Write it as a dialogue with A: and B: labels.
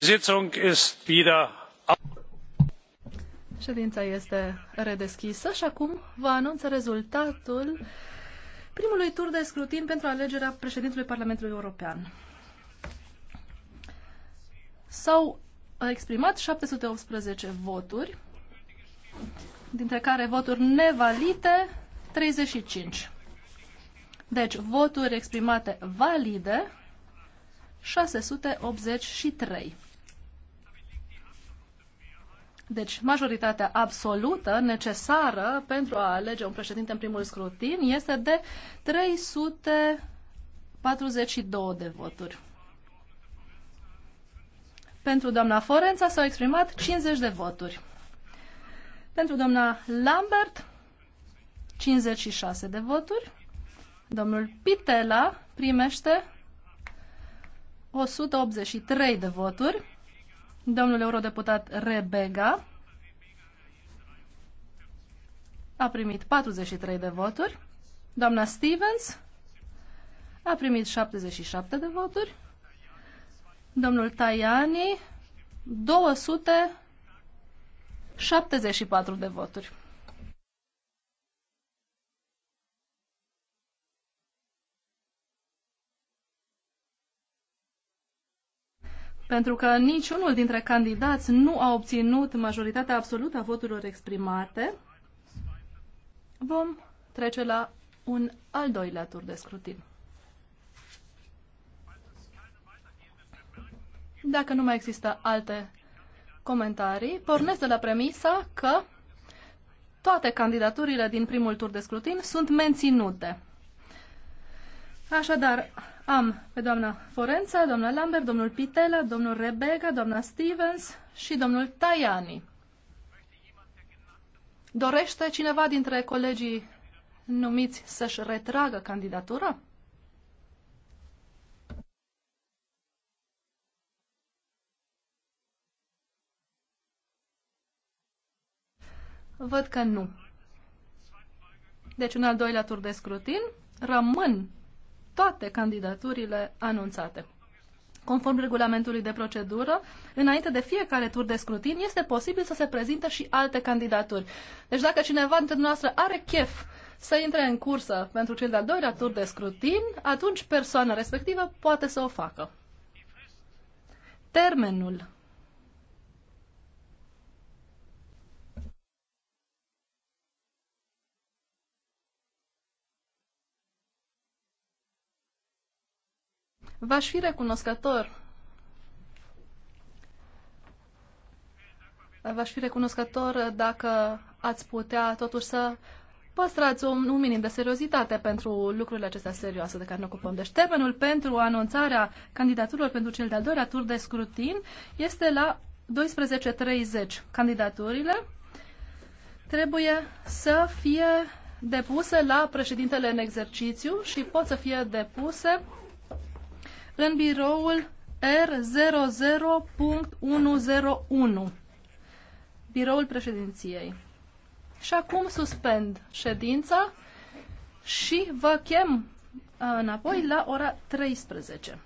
A: Sitzung ist wieder Ședința este redeschisă și acum vă anunț rezultatul primului tur de scrutin pentru alegerea președintelui Parlamentului European. S-au exprimat 718 voturi, dintre care voturi nevalide 35. Deci, voturi exprimate valide 683. Deci, majoritatea absolută necesară pentru a alege un președinte în primul scrutin este de 342 de voturi. Pentru doamna Forența s-au exprimat 50 de voturi. Pentru doamna Lambert, 56 de voturi. Domnul Pitela primește 183 de voturi. Domnul eurodeputat Rebega a primit 43 de voturi. Doamna Stevens a primit 77 de voturi. Domnul Tajani 274 de voturi. pentru că niciunul dintre candidați nu a obținut majoritatea absolută a voturilor exprimate, vom trece la un al doilea tur de scrutin. Dacă nu mai există alte comentarii, pornesc de la premisa că toate candidaturile din primul tur de scrutin sunt menținute. Așadar, am pe doamna Forența, doamna Lambert, domnul Pitela, domnul Rebecca, doamna Stevens și domnul Tajani. Dorește cineva dintre colegii numiți să-și retragă candidatura? Văd că nu. Deci un al doilea tur de scrutin. Rămân toate candidaturile anunțate. Conform regulamentului de procedură, înainte de fiecare tur de scrutin, este posibil să se prezintă și alte candidaturi. Deci dacă cineva dintre noastră are chef să intre în cursă pentru cel de-al doilea tur de scrutin, atunci persoana respectivă poate să o facă. Termenul V-aș fi recunoscător. V-aș fi recunoscător dacă ați putea totuși să păstrați un, un minim de seriozitate pentru lucrurile acestea serioase de care ne ocupăm. Deci termenul pentru anunțarea candidaturilor pentru cel de-al doilea tur de scrutin este la 12.30. Candidaturile trebuie să fie depuse la președintele în exercițiu și pot să fie depuse în biroul R00.101, biroul președinției. Și acum suspend ședința și vă chem uh, înapoi la ora 13.